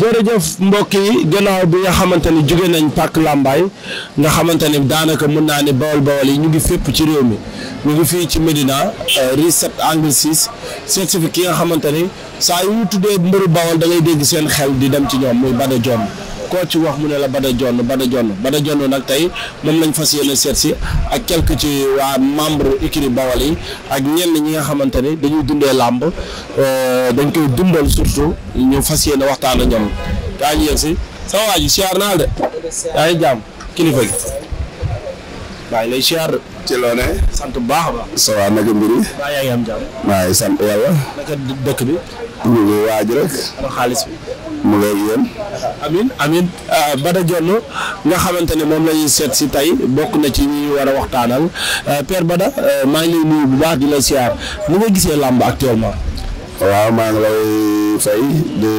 jërëjëf mbokk yi gannaaw bi nga xamante ni jóge nañ pàkk làmbaay nga xamante ni daanaka mën naa ni bawol bawol yi ñu ngi fépp ci réew mi ñu ngi fii ci Médina euh, rue 7 angle 6 certifié ki nga xamante ni saa yu ñu tuddee mbëru bawol da ngay dégg seen xel di dem ci ñoom muy Bada Diome koo ci wax mu ne la Bada Dione Bada Dione Bada Dione nag tey moom lañ fas yéene seet si ak quelque ci waa membre écurie Bawal yi ak ñenn ñi nga xamante ni dañuy dundee làmb euh, dañ koy dundal surtout ñu fas yéene waxtaan ak ñoom daa ñu yëg si sama waa ji siyaar naa ngi waaye lay siyaar ci loo ne sant bu baax a dëkk bi. ñu ngi waaj rek. mu lay yéen. amin amin ah, Bada Dione nga xamante ne moom la seet si tey bokk na ci ñuy war a waxtaanal eh, Père Bada eh, maa ngi lay nuyu bu baax di la siyaar nu nga gisee làmb actuellement. waaw maa ngi lay fay di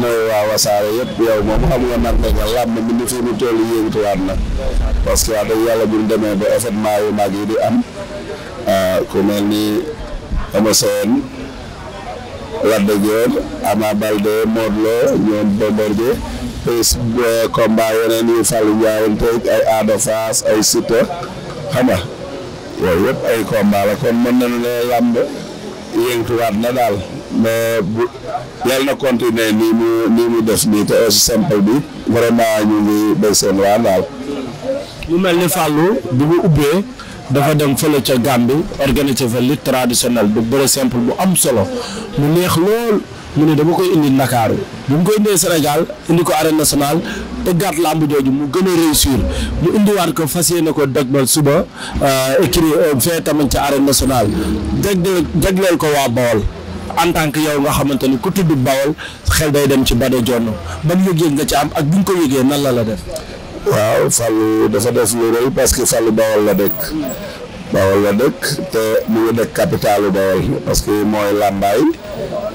nuyu waa wasaare yëpp yow moom xam nga nar nga làmb mi ni fii mu toll yëngatuwaat na parce yàlla bu ñu demee ba événement yu mag yi di am ah, ku mel ni Eumeu Sène Lac de Guiers Ama Baldé Modou Lô ñoom Bombardier euh, combat yeneen yu Fallou Ndiaye teg ay Ada Fass ay Siteu xam nga yooyu yëpp ay combat la kon mën nañu ne làmb yëngatuwaat na daal mais bu na continuer nii mu nii mu def nii te aussi simple bi vraiment ñu ngi béy seen waa daal. mu mel ni Fallou bi mu ubbee. dafa dem fële ca Gàmbi organiser fa lutte traditionnelle du bëre simple bu am solo mu neex lool mu ne dama koy indi Ndakaaru bu mu koy indee Sénégal indi ko arène nationale tëggaat làmb jooju mu gën a réussir mu indiwaat ko fas yéene ko dëgmal suba euh, écrit euh, fee tamit ca arène nationale jagleel jagleel ko waa Bawol en tant que yow nga xamante ni ku tudd Bawol xel day dem ci Bada Dione ban yëg-yëg nga ci am ak bi nga ko yëgee nan la la def. waaw Fallou dafa def lu rëy parce que Fallou Bawol la dëkk Bawol la dëkk te mu ngi dëkk capitalu Bawol parce que mooy Lambaay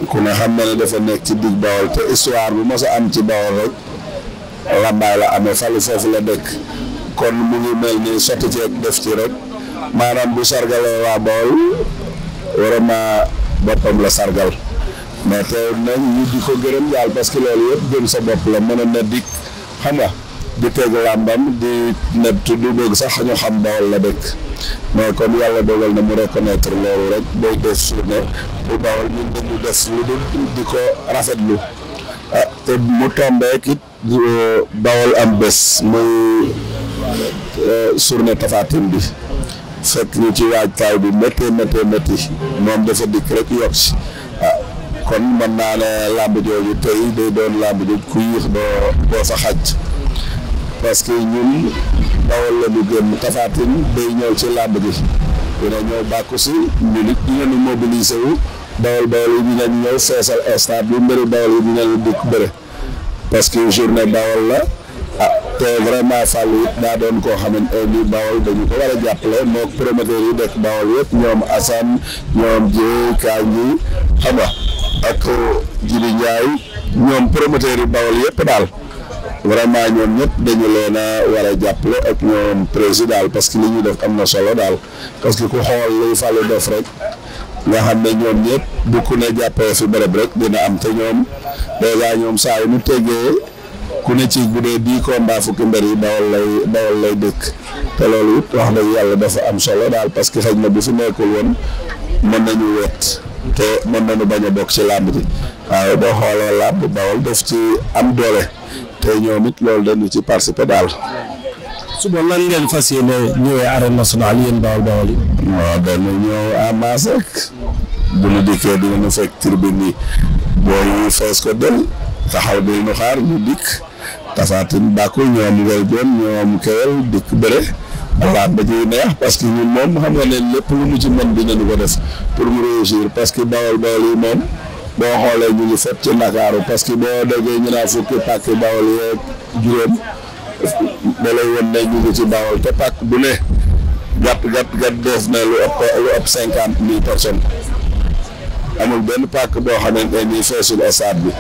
ku ne xam na ne dafa nekk ci digg Bawol te histoire bu mos a am ci Bawol rek Lambaay la amee Fallou foofu la dëkk kon mu ngi mel ni sotti ci def ci rek maanaam bu sargalee waa Bawol vraiment boppam la sargal mais te nag ñu di ko gërëm daal parce loolu yëpp gëm sa bopp la mënoon na dikk xam nga. di teg làmbam di nebtu du bëgg sax ñu xam bawal la dëkk mais comme yàlla dogal na mu reconnaître loolu rek day def suuna bu bawal ñun dañu des lu dul di ko rafetlu ah mu tombeek it euh, bawal euh, fekk ñu ci waajtaay bi méttee méttee métti moom dafa dikk rek yokk si ah kon mën naa ne làmb jooju tey day doon làmb jooju ku yéex doo fa xaj parce que ñun bawal la ñu gën tafaatin day ñëw ci làmb gi dina ñëw bàkku si ñu nit ñu leen mobiliser wu bawal bawal yi dinañ ñëw feesal stade bi mbëri bawal yi dinañ dikk bëre parce que journée bawal la ah te vraiment Fallou it daa doon koo xamante ni ba dañu ko war a jàppale moog promoteur yi dëkk bawal yëpp ñoom Assane ñoom Dieye Kanji xam nga ak Jibi Ndiaye ñoom promoteur yi bawal yëpp daal. vraiment ñoom ñëpp dañu leen a war a jàppale ak ñoom président parce que li ñuy def am na solo daal parce que ku xool luy fàllu def rek nga xam ne ñoom ñëpp bu ku ne jàppee fi bërëb rek dina am te ñoom dèjà ñoom saa yu ñu tegee ku ne ci bu dee dix combat fukki mbër yi dawal lay dawal lay dëkk te loolu it wax dëgg yàlla dafa am solo daal parce que xëy na bu fi nekkul woon mën nañu wet te mën na nañu bañ a bokk ci làmb ji waaye boo xoolee làmb bawal daf ci am doole te ñoom it loolu dañu ci participer daal. suba lan ngeen fas yéene ñëwee arène nationale yéen bawol bawol yi. waaw dañu ñëw en masse rek. bu ñu dikkee di ñu fekk tribune yi booy yi fees ko del taxaw di ñu xaar ñu dikk tafaatin bàkku ñoom welgoon ñoom kewel dikk bëre alaat ba ciy neex parce que moom xam nga ne lépp lu mu ci mën dinañu ko def pour mu réussir parce bawol bawol yi moom boo xoolee ñu ngi fépp ci Ndakaaru parce que boo déggee ñu naa fukki pàkk bawol yeeg juróom da won ne ñu ngi ci bawol te pàkk bu ne gàtt gàtt gàtt dees na lu ëpp lu ëpp cinquante mille personnes amul benn pàkk boo xamante ni feesul stade bi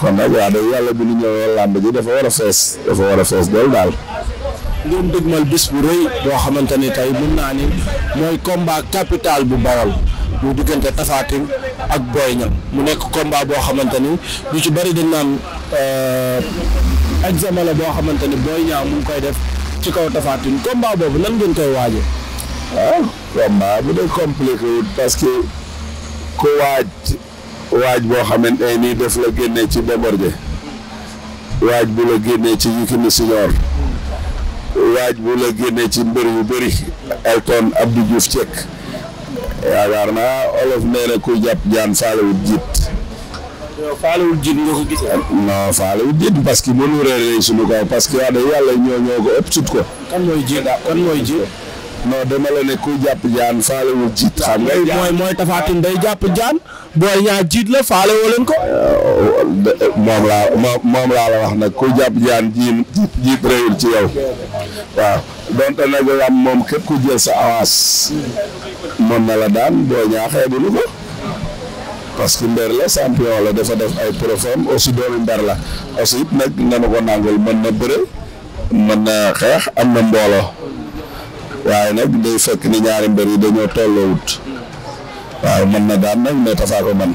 kon nag waa day yàlla bi ñu ñëwee làmb ji dafa war a fees dafa war a fees dool daal. ngeen dëgmal bis bu rëy boo xamante ni tey mën naa ni mooy combat capital bu bawol. muy diggante Tapha Tine ak Boy Niang mu nekk combat boo xamante ni lu ci bari dañ naan euh, examen la boo xamante ni Boy Niang mu ngi koy def ci kaw Tapha Tine combat boobu nan ngeen koy waajee. ah combat bu dee compliqué wul ku waaj waaj boo xamante nii daf la génnee ci débordé waaj bu la génnee ci Yékini Senior waaj bu la génnee ci mbër yu bëri Elton Abdou Diouf Cek yaakaar naa olof nee na kuy jàpp jaan faalewul jiit. jiit nga ko gisee. non faalewul jiit parce que mënu réeré suñu kaw parce que wax dëgg yàlla ñoo ñoo ko ëpp sut ko. kan mooy jiit ne kuy jàpp jaan faalewul jiit. xam nga mooy tafaatin day jàpp jaan booy ñaa jiit la faalewoo leen ko. moom laa moom laa la wax na kuy jàpp jaan jiit jiit ci yow waaw. donte nag lam moom képp ku jël sa avance mën na la daan boo ñaaxee du ko parce que mbër la champion la dafa def ay profem aussi doomi mbër la aussi it nag nanu ko nangul mën na bëre mën na xeex am na mbooloo waaye nag day fekk ni ñaari mber yi dañoo tolloowut waaw mën na daan nag mais tafaa ko mën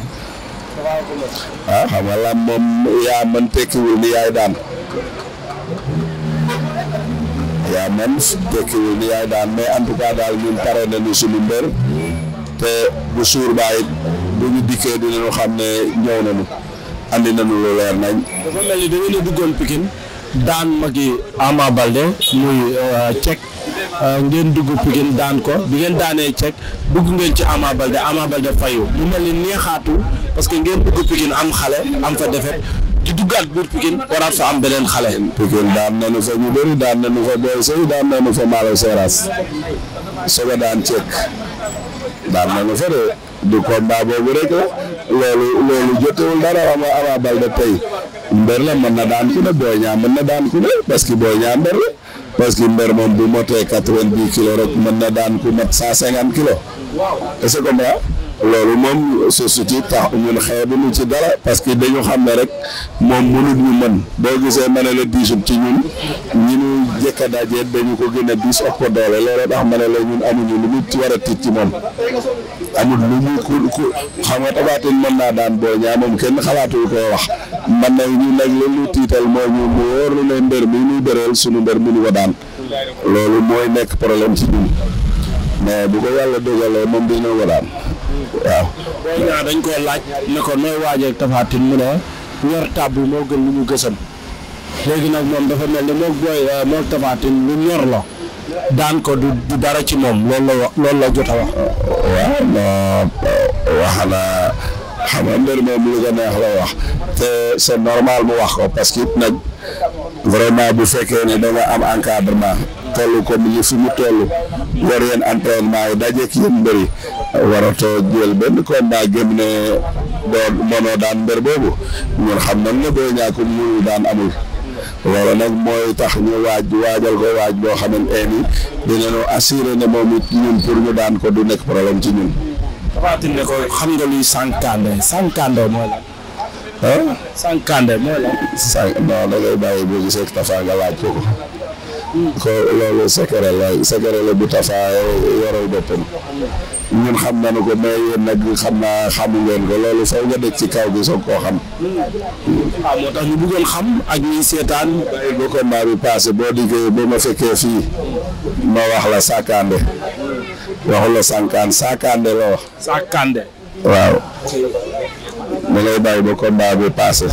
waaw ah, xam nga lam moom yaa mën tekkiwul ni yaay daan yaa man tekkiwul ni yaay daan mais en tout cas daal ñun pare nañu suñu mbër te bu suur baay bu ñu dikkee dinañu xam ne ñëw nañu andi nañu lu leer nañ. dafa mel ni da ngeen a duggoon Pikine daan magi Ama Balde muy euh, euh, ngeen daan ko bi ngeen daanee Cek dugg ngeen ci Ama Balde Ama Balde fayu mu mel ni neexaatu parce que ngeen dugg Pikine am xale am fa defet di duggaat biir Pikine waraat fa am xale. Pikine daan nañu fa ñu bëri daan nañu fa Boy Sey daan nañu fa Malo Seras soog a daan ceek daan nañu fa de du combat boobu rek la loolu jotewul dara ama Ama Baldé tey mbër la mën na daan ku ne Boy Niang mën na daan ku ne parce la parce que moom bu motee quatre rek mën na daan ku mat cent cinquante kilos est-ce loolu moom société tax ñun xeebuñu ci dara parce que dañu xam ne rek moom mënul ñu mën boo gisee ma ne la diisub ci ñun ñi ñu jëkk a daje dañu ko gën a diis ak ko doole loolu ne la ñun amuñu lu mu war a tiit ci moom amul mu xam nga tabaatin mën naa daan boo ñaa moom kenn xalaatu ko wax man nag ñu nag la ñu tiital moo mu wóor lu ne mbër muy ñuy bëreel suñu mbër mënu ko daan loolu mooy nekk problème ci ñun mais bu ko yàlla dogalee moom dina ko daan waaw. dañ koy laaj ne ko nooy waajee Tapha Tine mu ne ñor tàbbu moo gën lu ñu gësam léegi nag moom dafa mel ni moom booy euh, moom Tapha lu ñor la daan ko du du dara ci moom loolu la wax loolu la jot a wax. waaw wax na xam nga mbir moom lu ko neex la wax te c'est normal mu wax ko parce que it nag vraiment bu fekkee ne da nga am encadrement toll comme yi fi mu toll war yeen entraînement yi dajee yéen mbëri waratoo jël benn combat gëm ne doo mënoo daan mbër boobu ñun xam na ne boo ñàkkum daan amul loolu nag mooy tax ñu waaj waajal ko waaj boo xam ne eh nii dinañu assuré ne moom it ñun pour ñu daan ko du nekk problème ci ñun. ne ko xam nga luy sànkande sànkande mooy lan. ah. sànkande mooy lan. sànq non da ngay bàyyi boo gisee Tafa nga laaj ko hmm. ko. loolu secret la secret la bu Tafa yoroo boppam. ñun xam nañu ko mais yéen nag xam naa xamu ko loolu saw nga dëkk ci kaw gi soog koo xam. moo tax ñu bëggoon xam ak ñuy seetaan. bàyyi ba combat bi passé boo dikkee boo ma fekkee fii ma wax la Sakandé waxu la Sankandé Sakandé la waaw. ma lay bàyyi ba combat bi passé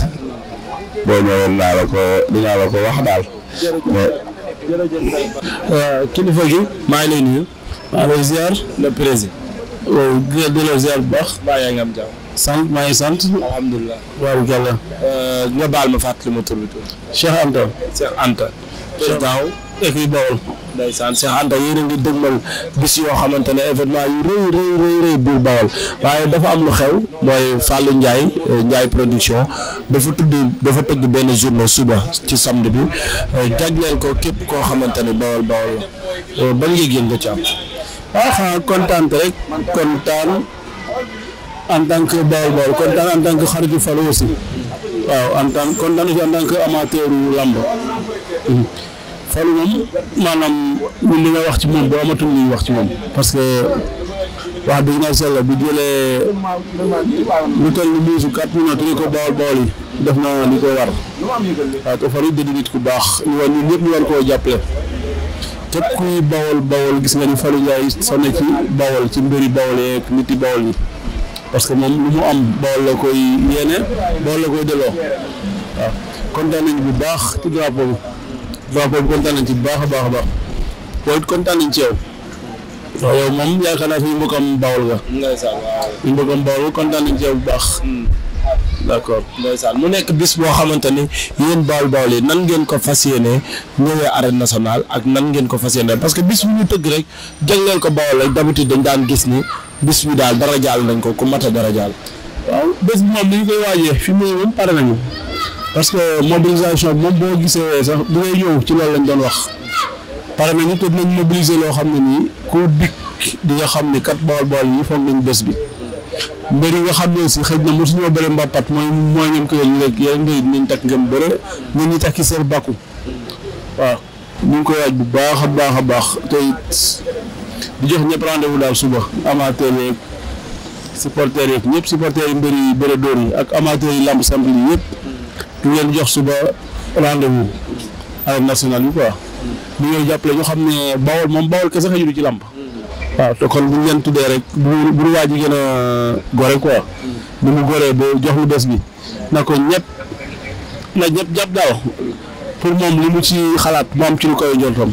boo ñëwoon naa la ko dinaa la ko wax daal. jërëjëf gi maa ngi lay nuyu. maa ngi lay ziar waaw di la ziar bu baax. mbaa yaa ngi am jàmm. sant maa ngi sant. alhamdulilah waaw Galla. Euh, nga baal ma fàttali ma tur bi tur. Cheikh Anta. Cheikh Anta. président équipe Bawol. a ngi dëgmal bis yoo xamante ne événement yu rëy rëy rëy Bawol waaye dafa am lu xew mooy Fallou Ndiaye euh, Ndiaye production dafa tudd dafa tëgg benn journée suba ci samd bi euh, jagleel ko képp koo xamante ne Bawol Bawol la ban yëg-yëg nga ci am. ah xanaa kontaan rek kontaan en tant que Baol Baol kontaan en tant que xaritu Fallou aussi waaw en tant kontaan aussi en tant que amateur làmb Fallou moom maanaam ñun li nga wax ci moom boo amatul wax ci moom parce que wax dëgg na bu jëlee lu toll ni biisu quatre minutes ni ko Baol Baol yi def na li ko war waaw te Fallou dëgg nit ku baax ñu war ñun ñëpp ñu war koo jàppale. képp kuy bawol bawol gis nga ni Fallou Ndiaye sonné ci bawol ci mbiri bawol yeeg nit yi parce que moom lu mu am bawol la koy yéene bawol la koy delloo waaw kontaan bu baax ci drapeau bi drapeau nañ ci bu baax a baax a baax yow it kontaan nañ ci yow. waaw yow moom yaakaar naa fi ñu mbokkam bawol nga. ñu mbokkam bawol kontaan nañ ci yow bu baax. Hmm. d'accord ndeysaan mu nekk bis boo xamante ni yéen baal bawol yi nan ngeen ko fas yéene ñëwee arène nationale ak nan ngeen ko fas yéene parce que bis bu ñu tëgg rek jagleel ko bawol rek d'habitude dañ daan gis ni bis bi daal dara jaal nañ ko ku mat dara jaal. waaw bés bi moom ni ñu koy waajee fi mu ne moom pare nañu parce que mobilisation bi moom boo gisee sax bu ngay yow ci loolu lañ doon wax pare nañu te dinañ mobiliser loo xam ne nii ku dikk di nga xam ni kat bawol bawol yi foog nañ bés bi. mbër yi nga xam ne aussi xëy na mosuñoo bëre mbàppat mooy mooy ngeen ko yéen léegi yéen ngay dinañ takk ngeen bëre ñun takki seen bàkku waaw ñu bu baax a baax a baax te di jox ñëpp rendez suba amateur yeeg supporters yeeg ñëpp supporters yi yi bëre dóor ak amateur yi lamb samedi yi yëpp ñu leen jox suba rendez-vous arène nationale bi quoi. ñu ngi jàppale xam ne Bawol moom Bawol kese xëy na ci lamb. waaw te kon bu ñu leen tuddee rek bu bu waa ji gën a gore quoi. bu mu goree ba jox lu bés bi. na ko ñëpp na ñëpp jàpp daal pour moom lu mu ci xalaat mu am ci lu koy njortam.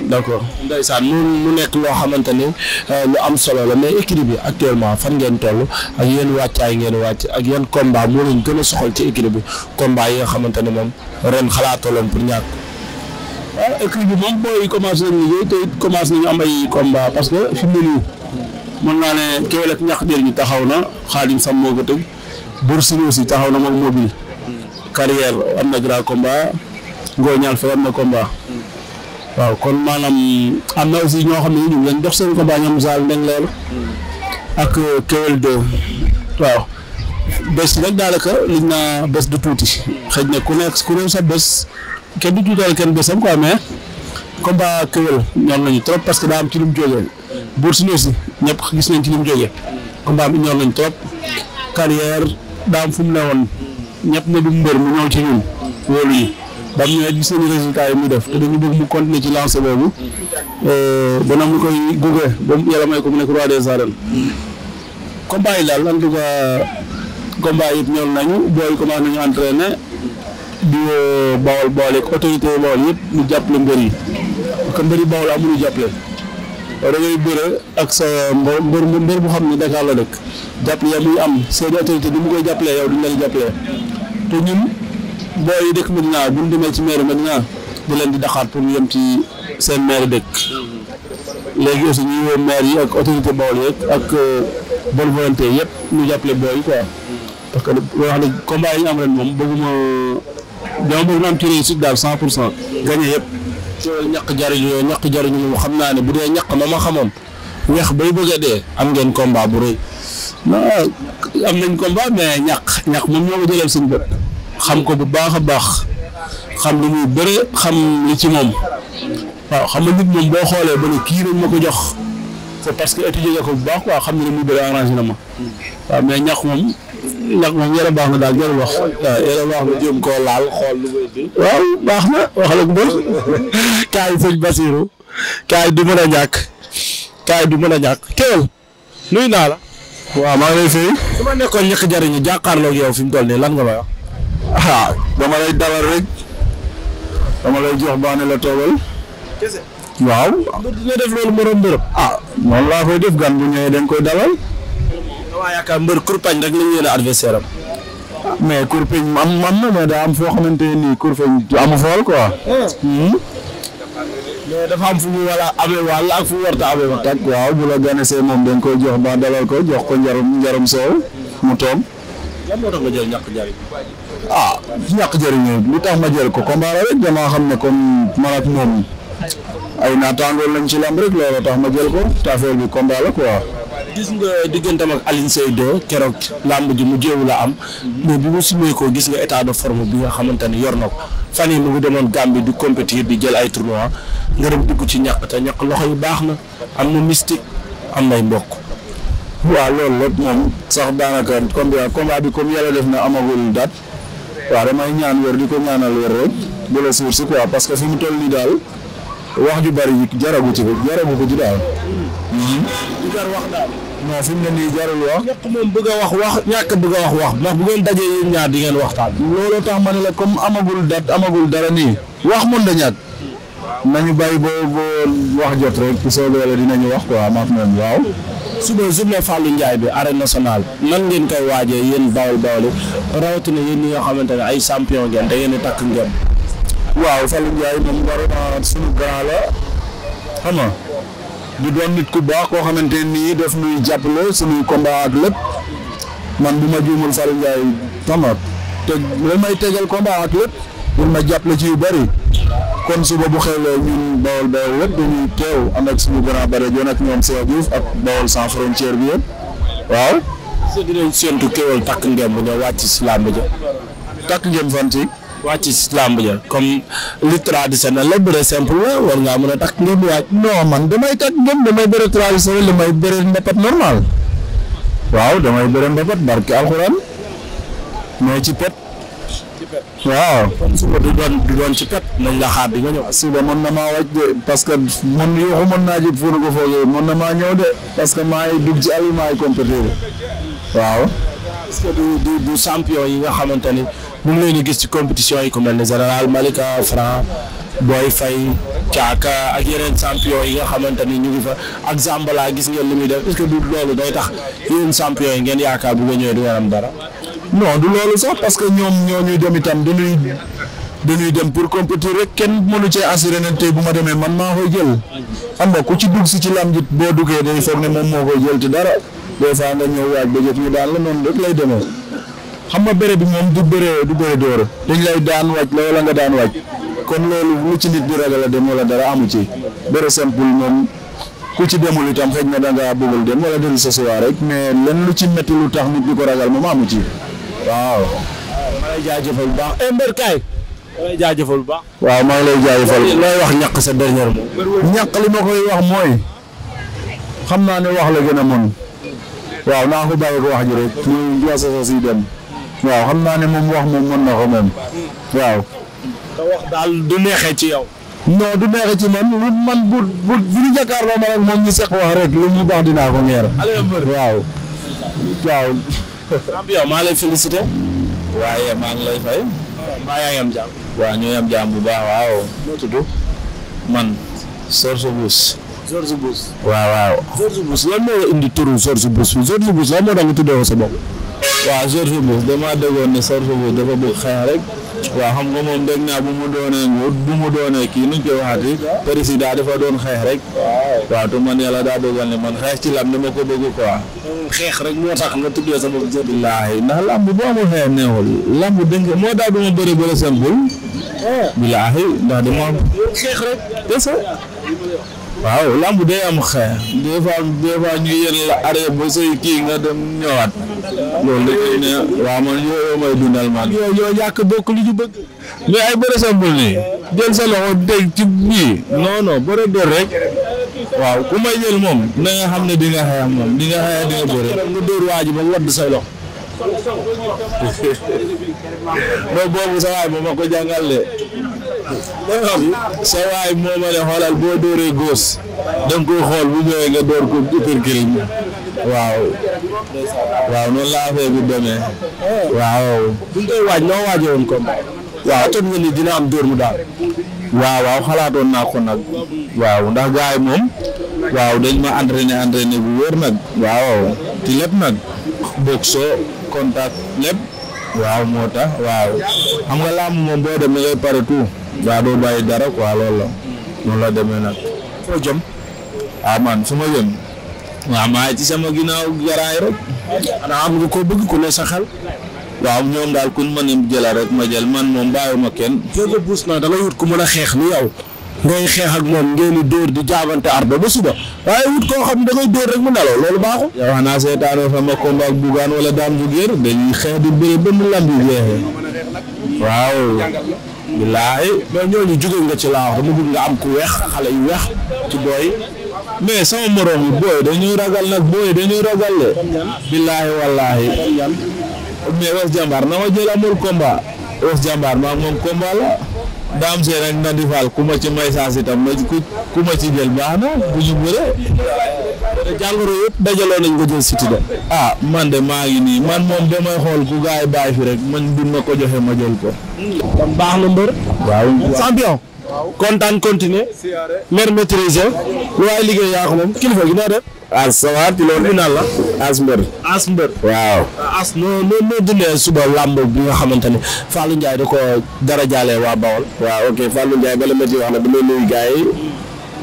d' mu mu nekk loo xamante ne euh, lu am solo la mais écurie bi actuellement fan ngeen toll ak yéen wàccaay ngeen wàcc ak yan combat moo leen gën a soxal ci écurie bi combat yi nga xamante ne moom ren xalaataloon pour ñaar ah écrit bi moom booy commencé nañu liggéey it commencé nañu am ay combat parce que fi mu ne mën naa ne Kewel ak ñax jëriñu taxaw na Xaadim Sam moo ko tëgg Boursin aussi taxaw na moom mobile carrière am na grand combat Ngoñal Faye am na combat waaw kon maanaam am na aussi ñoo xam ne ñu ngi leen dox seen combat ñoom saal Ndeng leer ak Kewel 2 waaw bés rek daanaka liñ naa bés du tuuti xëj na ku nekk ku ne sa bés. kenn du tuutal kenn bésam quoi mais combat Kewel ñor nañu trop parce que daa ci lu mu jógee Bour Sine ñëpp gis nañ ci lu mu jógee combat bi ñor nañ trop carrière daa fu mu ne woon ñëpp ne du mbër mu ci ñun wóolu ñu ba mu yi muy def te dañu mu continuer ci lancé euh, ba na mu koy ba yàlla may ko mu nekk roi des arènes combat yi daal en tout cas combat yëpp ñor nañu booy commencé nañu entraîner di woo euh, Bawol Bawol yeeg autorité yi Bawol yëpp ñu jàppale mbër yi parce que mbër yi Bawol amuñu jàppale da ngay bëre ak sa mbër mbër bu xam ne Dakar la dëkk jàppale yow muy am seen autorité ni mu koy jàppalee yow duñ leen jàppalee te ñun booy yi dëkk Medina bu ñu demee ci maire Medina di leen di daxaat pour ñu yem ci seen maire dëkk léegi aussi ñuy woo maire yi ak autorité Bawol yeeg ak euh, bonne volonté yëpp ñu jàppale booy yi quoi parce que loo xam ne combat yi ñu am ren moom bëgguma. dama bëgg na am ci réussite daal cent pour cent gagné yëpp cool ñàkk jariñu yooyu ñàkk jariñu moom xam naa ne bu dee ñàkk ma ma xamoon weex bay bëgg a dee am ngeen combat bu rëy am nañ combat mais ñàkk ñàkk moom ñoo ko jëlee suñu bët xam ko bu baax a baax xam lu mu bëre xam li ci moom waaw xam nga nit moom boo xoolee ba ne kii nañ ma ko jox c'est parce que étudier nga ko bu baax quoi xam ne ne muy bëre arrangé na ma waaw mais ñàkk moom ñax moom yore baax na daal jarul wax waaw yore baax na baax na wax la mbër kaay sëñ Basirou kaay du mën a ñàkk kaay du mën a ñàkk teewal nuyu naa la. waaw maa ngi lay fay. su ma nekkoon ñàkk jariñu jàkkaarloo ak yow fi mu toll nii lan nga may wax. ah dama lay dalal rek dama lay jox baax ne la toogal. waaw. dina def loolu moroom bërëb. ah noonu laa koy def gan bu ñëwee dañ koy dalal. waaw yaakaar mbër kurpañ rek nañu yéen a mais kurpañ am am na mais daa am foo xamante ni kurpañ amu fool quoi. Hmm? mais dafa am fu mu war a amee wàll fu mu warta bu la moom dañ koy jox ba dalal ko jox ko njarum njarum soow mu toom lan moo tax nga jël ñàkk jariñ. ah ñàkk jariñ lu tax ma jël ko combat la rek damaa xam ne comme man ak moom ay naataangool lañ ci lamb rek looloo tax ma jël ko te affaire bi combat la gis nga digganteem ak Alioune Seye 2 keroog làmb ji mu jéewu la am. mais bu mu sumee ko gis nga état de forme bi nga xamante ni yor na ko fan yii mu demoon Gambie di compétir di jël ay tournois nga dem dugg ci ñàkk te ñàkk loxo yu baax na am na mystique am nay mbokk. waaw loolu lépp moom sax daanaka comme combat bi comme yàlla def na amagul date waaw damay ñaan wér di ko ñaanal wér rek bu suur si quoi parce que fi mu toll nii daal wax ju bari yi jaragu ci jaragu ko ci daal. non fi mu ne nii jarul wax. bëgg a wax wax ñàkk bëgg a wax wax ndax bu ngeen dajee yéen ñaar di ngeen waxtaan. loolu tax ma ne la comme amagul dat amagul dara nii. wax mën da ñàkk. nañu bàyyi boo wax jot rek bu soobee yàlla dinañu wax quoi maaf nañu waaw. suba journée Fallou Ndiaye bi arène national nan ngeen koy waajee yéen bawol bawol rawatina yéen ñi nga xamante ne ay champion ngeen te yéen di takk ngeen. waaw Fallou Ndiaye moom war na sunu la xam nga di doon nit ku baax koo xamante nii def nuy jàppale suñuy combat ak lépp man bu ma juumul Fallou Ndiaye tamat te lan may tegal combat ak lépp lan ma jàppale ci yu bëri kon suba bu xewlee ñun Bawol Bawol ak suñu grand bare joon ak ñoom Cheikh Diouf ak Bawol sans frontière bi yëpp waaw. soo dinañ séntu kéwal takk ngeen bu ne wàcc si làmb ja takk ngeen fan wàcc ci làmb comme li traditionnel la bëre simple la war ngaa mën a takk ngeen wàcc. non man damay takk ngeen damay bëre traditionnel damay bëre mbapat normal waaw damay bëre mbapat barki alxuraan mais ci pet. waaw kon suba du doon du doon ci pet nañ la xaar di nga ñëw. Ah, suba mën na maa wàcc de parce que man yoo mën naa ji fuunu ko foogee mën na maa ñëw de parce que maa ngi dugg ci ay maa ngi waaw. parce que yi nga xamante ni. mu ngi leen gis ci compétition yi ku mel ne général Malika Franc Boy Faye caaka ak yeneen champion yi nga xamante ni ñu ngi fa ak Zambala gis ngeen lu muy def est-ce que tax yéen yi ngeen yaakaar bu nga ñëwee du ngeen am dara. non du loolu sax parce que ñoom ñoo ñuy dem itam dañuy dañuy dem pour compétir rek kenn mënu cee assuré ne tey bu ma demee man maa koy jël xam nga ku ci dugg si ci lam ji boo duggee day foog ne moom moo koy jël te dara des fois nga ñëw waaj ba jot ñu daal la noonu rek lay demee. xam nga bëre bi moom du bëre du bëre dóor dañ lay daan wàcc la wala daan wàcc kon loolu lu ci nit di ragal a dem wala dara amu ci bëre simple moom ku ci demul itam xëy na da ngaa bëggul dem wala dellu sa soir rek mais lenn lu ci métti lu tax di ko ragal moom amu ci waaw. ma lay jaajëfal bu baax eh jaajëfal bu baax. waaw maa ngi lay jaajëfal. looy wax ñàkk sa dernier mot. ñàkk li ma koy wax mooy xam naa ne wax la gën a mën waaw naa ko bàyyi ko wax ji rek. ñu ñu sa si dem. waaw xam naa ne moom wax moom mën na ko moom waaw. du neexee ci yow. non du neexe ci man lu man bu bu bu ñu jàkkaarloo ma rek moom ñu seq wax rek baax dinaa ko ñeer. waaw. waaw. maa lay félicité. waaye maa ngi lay fay. mbaa yaa ngi am waaw ñu ngi am bu baax waaw. noo tudd. man. George Bush. George Bush. waaw waaw. sor Bush lan moo indi turu George Bush moo tax nga tuddee sa bopp. waa George Bush damaa déggoon ne George Bush dafa bëgg xeex rek waaw xam nga moom dégg naa bu mu doonee nguur bu mu doonee kii nuñ koy waxaati daa dafa doon xeex rek waaw ma man la daa dogal ne man xeex ci lam dama ko bëgg quoi xeex rek moo tax nga tuddee sa bopp billaahi ndax lamb boo amul xeex neexul lamb dënk moo daal duma bëri bëri simple eh. billaahi ndax dama xeex rek waaw lamb day am xeex des fois des fois ñu yéen la arrêté ba say kii nga dem ñëwaat loolu dañuy ne waaw man yooyu may dundal man. yow ñàkk bokk li ñu bëgg. mais ay bëre simple nii jël sa loxo dégg ci bii non non bëre rek waaw ku may jël moom na nga xam ne di nga xeex moom di nga xeex di nga bëre. nga waa ji ba wadd say loxo. loolu boobu sa waay moom ma ko loolu sa waay moo ma ne xoolal boo dóoree góos danga koy xool bu ñëwee nga door ko uppercut waaw waaw noonu la affaire demee waaw bu ñu koy waaw toog mu daal waaw waaw xalaatoon naa ko nag waaw ndax gars yi moom ma entraîné entraîné bu wóor nag waaw ci lépp nag boxo contact lépp waaw moo tax waaw xam nga làmb moom boo demee ngay pare tout gaa doo bàyyi dara quoi loolu la noonu la demee nag foo jëm ah man fu ma jëm waaw maa ci sama ginnaaw garaay rek xanaa am nga koo bëgg ku ne sa xel waaw ñoom daal kuñ man a jëla rek ma jël man moom ma kenn Diego buus naa da ngay wut ku mën a xeex ni yow ngay xeex ak moom ngeen di dóor di jaabante ardo ba suba waaye wut koo xam ne da ngay dóor rek mu nelaw loolu baaxul yow xanaa seetaanoo sama combat ak Bougane daan Dame Diouf dañuy xeex di bëri ba mu bilaay mais ñooñu jugal nga ci laa wax dama nga am ku weex xale yu weex ci booy mais sama morom yu booy dañuy ragal nag booy dañuy ragal le bilaay mais was jàmbaar na ma jël amul combat was jàmbaar maa moom combat la daam seen ak Nandi Fall ku ma ci may saas itam ma ku ku ma ci jël baax na bu ñu bëree jàngoro yëpp dajaloo nañ ko jël siti de ah man de maa ngi nii man moom damay xool ku gaay bàyyi fi rek man duñ ma ko joxe ma jël ko. kon baax na mbër. waaw kontaan continuer mer maîtriser lu waay liggéey yaa ko moom kilifa gi noo def. as ça va pilon la. as mbër. as mbër. waaw. as noo noo suba làmb bi nga xamante ne Fallou Ndiaye da ko dara jaalee waa Bawol. waaw ok Fallou Ndiaye wax na damay nuyu gars yi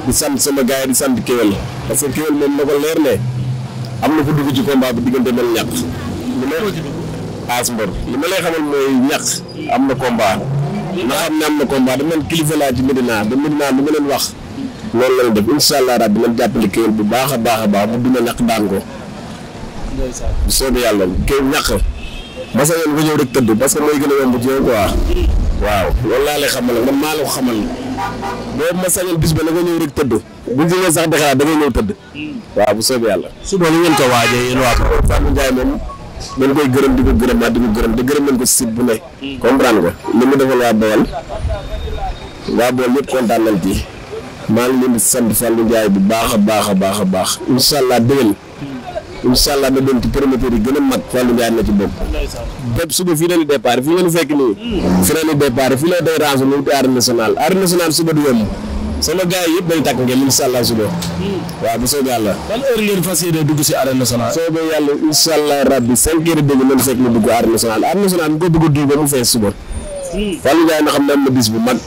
di sant sama gars yi di sant kéwél parce que kéwél moom na ko leer ne am na fu dugg ci combat bi diggante mel ñàkk. li may as mbër li ma lay xamal mooy ñàkk am na combat. maa xam ne na combat da man kilifa laa ci Medina ba Medina lu ma leen wax la lañ def incha allah rabi dinañ jàppale kéwél bu baax a baax a baax mu duma ñàkk daan ko. bu soobee yàlla kéwél ñàkk ba sa yoon ñëw rek tëdd parce que mooy gën a waaw loolu laa lay xamal man maa la ko xamal boobu ma sañoon bis ba na nga ñëw rek tëdd buñ jëlee sax dexalaat da ngay ñëw tëdd. Hmm. waaw bu soobee yàlla. suba ni ngeen ko waajee yéen waa ko. Fane Ndiaye moom. dañ koy gërëm di ko gërëmaat di ko gërëm di gërëm nañ ko si bu ne. comprendre nga li mu defal waa Bawol waa Bawol yëpp kontaan nañ ci maa ngi leen di sant Fallou Ndiaye bu baax a baax a baax a baax incha allah déwén. incha allah da doon ci promoteur yi gën a mag Fallou Ndiaye na ci bopp. bépp suba fii la ñu départ fii la ñu fekk nii. Mm. fii la ñu départ fii la day range mu arène nationale arène nationale suba du yomb. sama gars yi yëpp dañ tàkk ngeen incha allah suba. Hmm. waaw bu soobee yàlla. ban heure ngeen fas yéene dugg si arène nationale. soobee yàlla incha allah rabbi cinq heures dëgg nañ fekk ñu dugg arène nationale arène nationale ñu ko bëgg a dugg ba mu fees suba. wàllu hmm. gars yi nga xam ne am na bis bu mag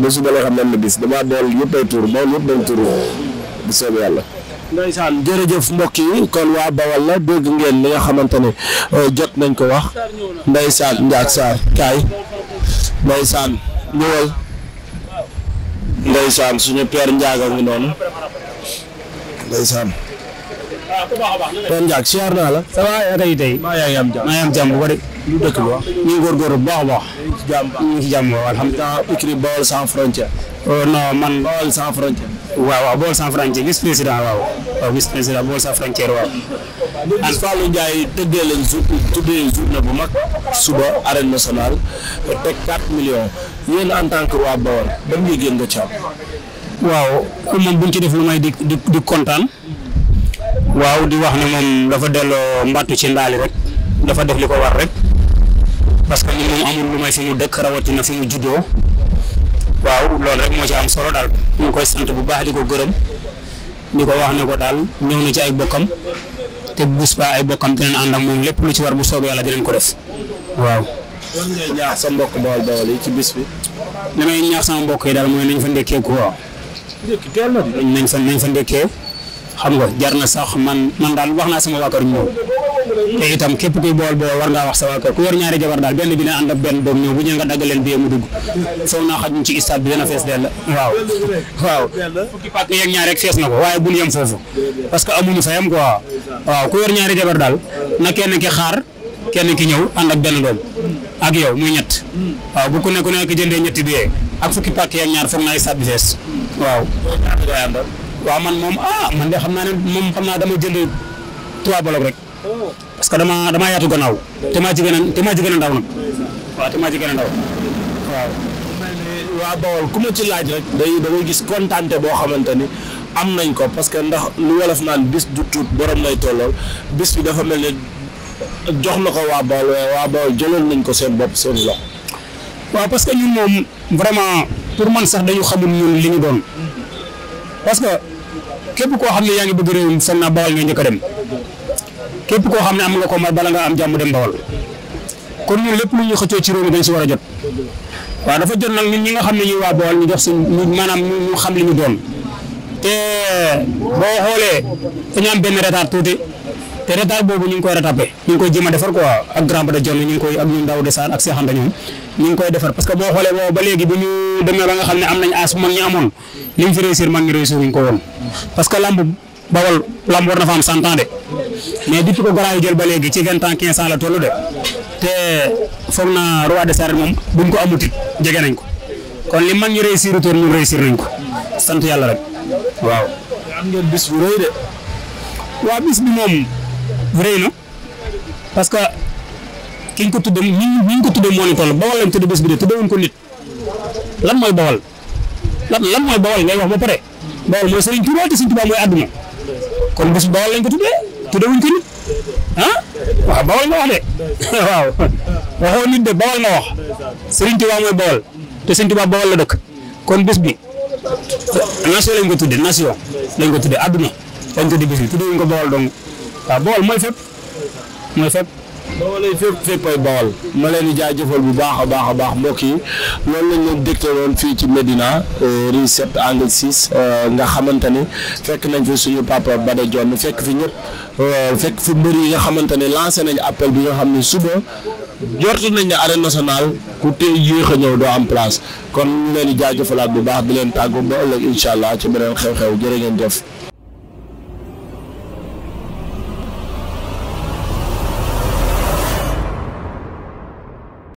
ba suba la xam ne am na bis damaa bool yëpp ay tur bool yëpp dañ tur bu soobee yàlla. ndeysaan jërëjëf mbokk yi kon waa Bawal la dégg ngeen li nga xamante ne euh, jot nañ ko wax ndeysaan Ndiak Sarr kaay ndeysaan ñëwal. ndeysaan suñu père Ndiaga ngi noonu ndeysaan ah, père Ndiaga siyaar naa la ça va yaa ngi maa yaa ngi am lu dëkk bi wax ñu ngi góorgóorlu bu baax a baax. ñu ngi ci jàmm alhamdulilah écrit Baol sans frontière. Euh, man Baol sans frontière. waaw waaw Baol sans frontière vice président waaw waaw vice président Baol sans frontière waaw. ak Fallou Ndiaye tëggee jour tuddee bu mag suba arène nationale te 4 millions yéen en tant que waa Baol ban ci am. waaw moom bu ñu ci def lu may di kontaan. waaw di wax ne moom dafa delloo mbattu ci ndaali rek dafa def li ko war rek. parce que ñun moom amul lu may fi ñu dëkk rawatina fi ñu juddoo waaw loolu rek moo ci am solo daal ñu ngi koy sant bu baax di ko gërëm di ko wax ne ko daal ñëw na ci ay bokkam te bus ba ay bokkam ànd moom lépp lu ci war bu soobee yàlla dinañ ko def waaw. lan ngay ñaax ci bis bi. ñaax sama mbokk yi daal mooy nañ fa ndekkee quoi. ndekki teel na nañ fa nañ fa xam nga jar na sax man man daal wax naa sama waa kër ñëw te itam képp kuy bool bool war ngaa wax sa waa kër ku yor ñaari jabar daal benn bi na ànd ak benn doom ñëw bu ñëw nga daggal leen bi mu dugg foog naa xajuñ ci stade bi dana waaw waaw fukki ñaar rek na ko waaye bul yem foofu parce que amuñu fayam quoi waaw ku yor ñaari jabar daal na kenn ki xaar kenn ki ñëw ànd ak benn yow muy ñett bu ku nekk ku nekk jëndee ñetti billets ak fukki pàkk ñaar foog naa stade bi fees waaw waaw man moom ah man de xam naa ne moom xam naa dama jënd trois blocs rek parce que dama dama yaatu gannaaw te maa ci gën a te maa ci gën a ndaw nag waaw te maa ci gën a ndaw waaw. waa Bawol ku ma ci laaj rek day da ngay gis kontaante boo xamante ni am nañ ko parce que ndax lu wolof naan bis du tuut borom lay tollool bis bi dafa mel ne jox na ko waa Bawol waa Bawol jëloon nañ ko seen bopp seen loxo. waaw parce que ñun moom vraiment pour man sax dañu xamul ñun li ñu doon parce que képp koo xam ne yaa ngi bëgg réewum foog naa Bawol nga njëkk a dem. képp koo xam ne am nga ko may bala nga am jàmm dem bawal kon ñun lépp lu ñuy xëccoo ci réew mi dañ si war a jot waaw dafa jot nag ñun ñi nga xam ne ñuy waa bawal ñu jox suñ maanaam xam li ñu doon te boo xoolee dañu am benn retard tuuti te retard boobu ñu ngi koy rattrapé ñu ngi koy jéem a defar quoi ak grand ba de ñu ngi koy ak ñu ndaw de Sane ak Cheikh ñoom ñu ngi koy defar parce que boo xoolee boobu ba léegi bu ñu demee ba nga xam ne am na as bu mag ñu amoon li ñu fi réussir mag ñu réussir wuñ ko woon parce que lamb bawal lamb war na fa am mais depuis que Gora jël ba léegi ci vingt ans quinze ans la de te foog naa roi des moom buñ ko amutit jege nañ ko kon li mag ñu réussir toon ñun réussir nañ ko sant yàlla rek waaw. bis bi moom rëy que kiñ ko tuddee ñi ñu ko tuddee moo ni toll bawal lañ tudd bis bi de tuddewuñ ko nit lan mooy bawal lan lan mooy bawal ngay wax ba pare bawal mooy Serigne Touba te Serigne Touba mooy àdduna. kon bis bawal lañ ko tuddee tuddee wuñ ko nit ah waaw bawal nga wax de waaw waxoo nit de bawal na wax Serigne Touba mooy bawal te Serigne Touba bawal la dëkk kon bis bi nation lañ ko tuddee nation lañ ko tuddee àdduna lañ ko tuddee bis bi tuddee wuñ ko bawal dong waaw bawal mooy fépp mooy fépp. boo lay fépp féppay bawal ma leen di jaajëfal bu baax a baax a baax mbokk yi loolu lañ leen dégtaloon fii ci Medina euh, rue 7 angle 6 euh, nga xamante ni fekk nañ fi suñu papa Bada Dione fekk fi ñëpp euh, fekk fi mbër yi nga xamante ne lancé nañ appel bi nga xam ne suba jortu nañ ne arène nationale ku tey yéex a ñëw doo am place kon ñu leen di jaajëfalaat bu baax di leen tàggu ba ëllëg incha allah ci beneen xew-xew jërë ngeen jëf.